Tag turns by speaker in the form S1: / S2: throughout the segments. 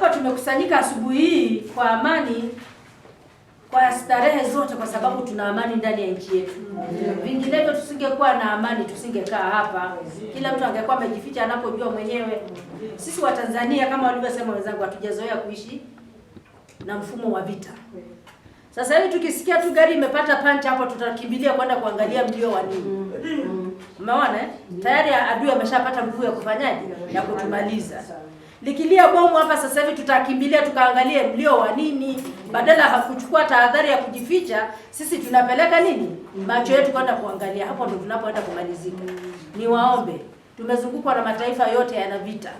S1: Hapa tumekusanyika asubuhi hii kwa amani, kwa starehe zote, kwa sababu tuna amani ndani ya nchi yetu. Vinginevyo tusingekuwa na amani, tusingekaa hapa, kila mtu angekuwa amejificha anapojua mwenyewe. Sisi Watanzania kama walivyosema wenzangu, hatujazoea kuishi na mfumo wa vita. Sasa hivi tukisikia tu gari imepata pancha hapo, tutakimbilia kwenda kuangalia mlio wa nini. Umeona, eh? tayari adui ameshapata nguvu ya kufanyaje, ya kutumaliza. Likilia bomu hapa sasa hivi, tutakimbilia tukaangalie mlio wa nini, badala hakuchukua tahadhari ya kujificha. Sisi tunapeleka nini, macho yetu kwenda kuangalia. Hapo ndo tunapoenda kumalizika. Niwaombe, tumezungukwa na mataifa yote yana vita,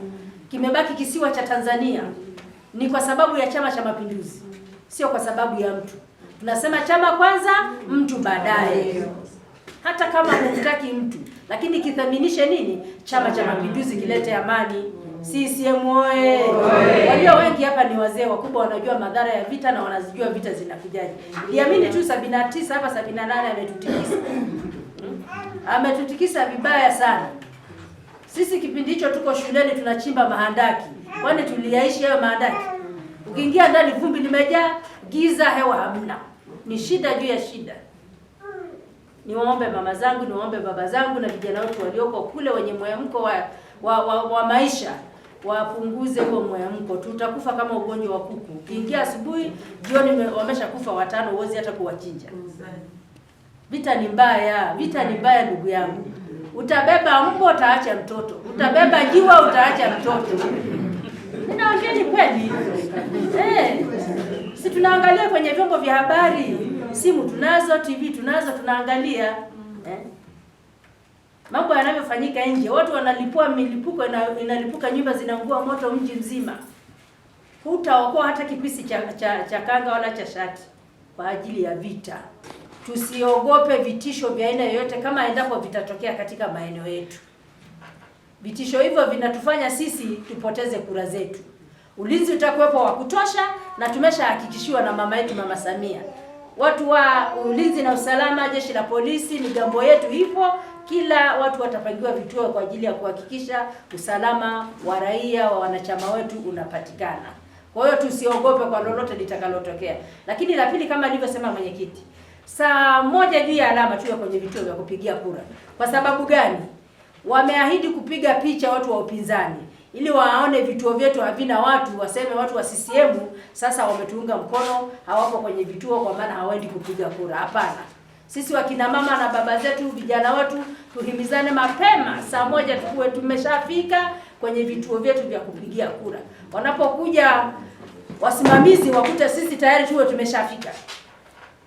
S1: kimebaki kisiwa cha Tanzania. Ni kwa sababu ya Chama cha Mapinduzi, sio kwa sababu ya mtu. Tunasema chama kwanza, mtu baadaye. Hata kama humtaki mtu lakini kithaminishe nini? Chama cha Mapinduzi kilete amani. CCM oye! Walio wengi hapa ni wazee wakubwa, wanajua madhara ya vita na wanazijua vita zinakujaje. Niamini tu 79 hapa 78 ametutikisa hmm? ametutikisa vibaya sana. Sisi kipindi hicho tuko shuleni tunachimba mahandaki, kwani tuliyaishi hayo mahandaki? Ukiingia ndani vumbi limejaa, giza, hewa hamna, ni shida juu ya shida niwaombe mama zangu, niwaombe baba zangu na vijana wetu walioko kule wenye mwamko wa, wa, wa, wa maisha wapunguze huo mwamko. Tutakufa kama ugonjwa wa kuku, ukiingia asubuhi, jioni wameshakufa watano, huwezi hata kuwachinja. Vita ni mbaya, vita ni mbaya ndugu yangu. Utabeba mbwa utaacha mtoto, utabeba jiwa utaacha mtoto. Ninaongea kweli eh, si tunaangalia kwenye vyombo vya habari simu tunazo, TV tunazo, tunaangalia mm. eh? Mambo yanavyofanyika nje, watu wanalipua milipuko ina, inalipuka, nyumba zinaungua moto mji mzima. Hutaokoa hata kipisi cha, cha, cha kanga wala cha shati kwa ajili ya vita. Tusiogope vitisho vya aina yoyote kama endapo vitatokea katika maeneo yetu. Vitisho hivyo vinatufanya sisi tupoteze kura zetu. Ulinzi utakuwepo wa kutosha, na tumeshahakikishiwa na mama yetu Mama Samia watu wa ulinzi na usalama, jeshi la polisi, migambo yetu ipo, kila watu watapangiwa vituo kwa ajili ya kuhakikisha usalama wa raia wa wanachama wetu unapatikana. Kwa hiyo tusiogope kwa lolote litakalotokea. Lakini la pili, kama alivyosema mwenyekiti, saa moja juu ya alama tuwe kwenye vituo vya kupigia kura. Kwa sababu gani? Wameahidi kupiga picha watu wa upinzani ili waone vituo vyetu havina watu, waseme watu wa CCM sasa wametuunga mkono, hawapo kwenye vituo kwa maana hawaendi kupiga kura. Hapana, sisi wakina mama na baba zetu, vijana wetu, tuhimizane mapema, saa moja tukuwe tumeshafika kwenye vituo vyetu vya kupigia kura. Wanapokuja wasimamizi, wakute sisi tayari tuwe tumeshafika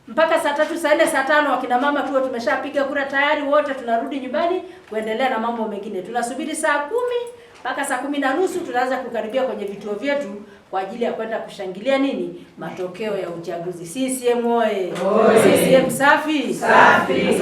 S1: mpaka saa tatu saa nne saa tano wakina mama tuwe tumeshapiga kura tayari, wote tunarudi nyumbani kuendelea na mambo mengine. Tunasubiri saa kumi mpaka saa kumi na nusu tunaanza kukaribia kwenye vituo vyetu kwa ajili ya kwenda kushangilia nini, matokeo ya uchaguzi. CCM oye! CCM safi
S2: safi.